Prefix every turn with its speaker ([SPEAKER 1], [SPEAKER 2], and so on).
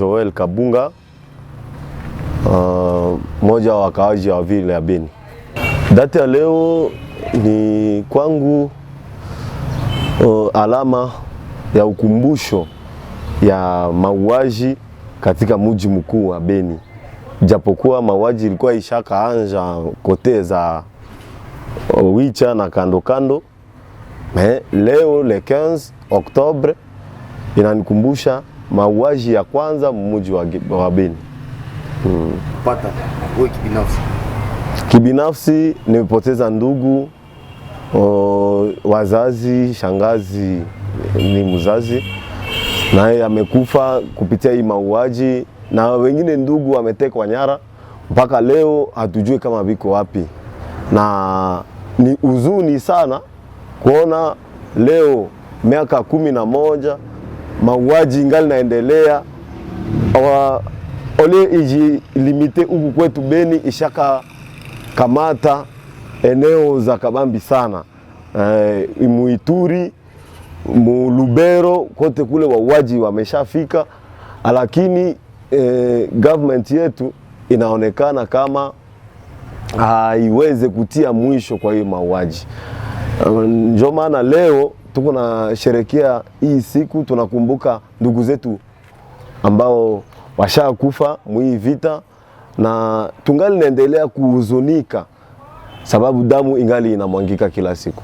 [SPEAKER 1] Joel Kabunga, uh, moja wa wakaaji wa vile ya Beni. Data ya leo ni kwangu uh, alama ya ukumbusho ya mauaji katika mji mkuu wa Beni, japokuwa mauaji ilikuwa ishakaanja kote za uh, Wicha na kando kando, me leo le 15 Oktobre inanikumbusha mauaji ya kwanza mmuji wa Beni.
[SPEAKER 2] Hmm. Pata wewe kibinafsi,
[SPEAKER 1] kibinafsi nimepoteza ndugu o, wazazi, shangazi ni mzazi naye amekufa kupitia hii mauaji, na wengine ndugu wametekwa nyara, mpaka leo hatujui kama viko wapi, na ni huzuni sana kuona leo miaka kumi na moja mauaji ingali naendelea. Ole ijilimite huku kwetu Beni ishaka kamata eneo za kabambi sana e, muituri mulubero kote kule wauaji wameshafika, lakini e, eh, government yetu inaonekana kama haiweze kutia mwisho kwa hiyo mauaji. Ndio maana leo tuko sherekea hii siku, tunakumbuka ndugu zetu ambao washakufa mwii vita, na tungali naendelea kuhuzunika sababu damu ingali inamwangika kila siku.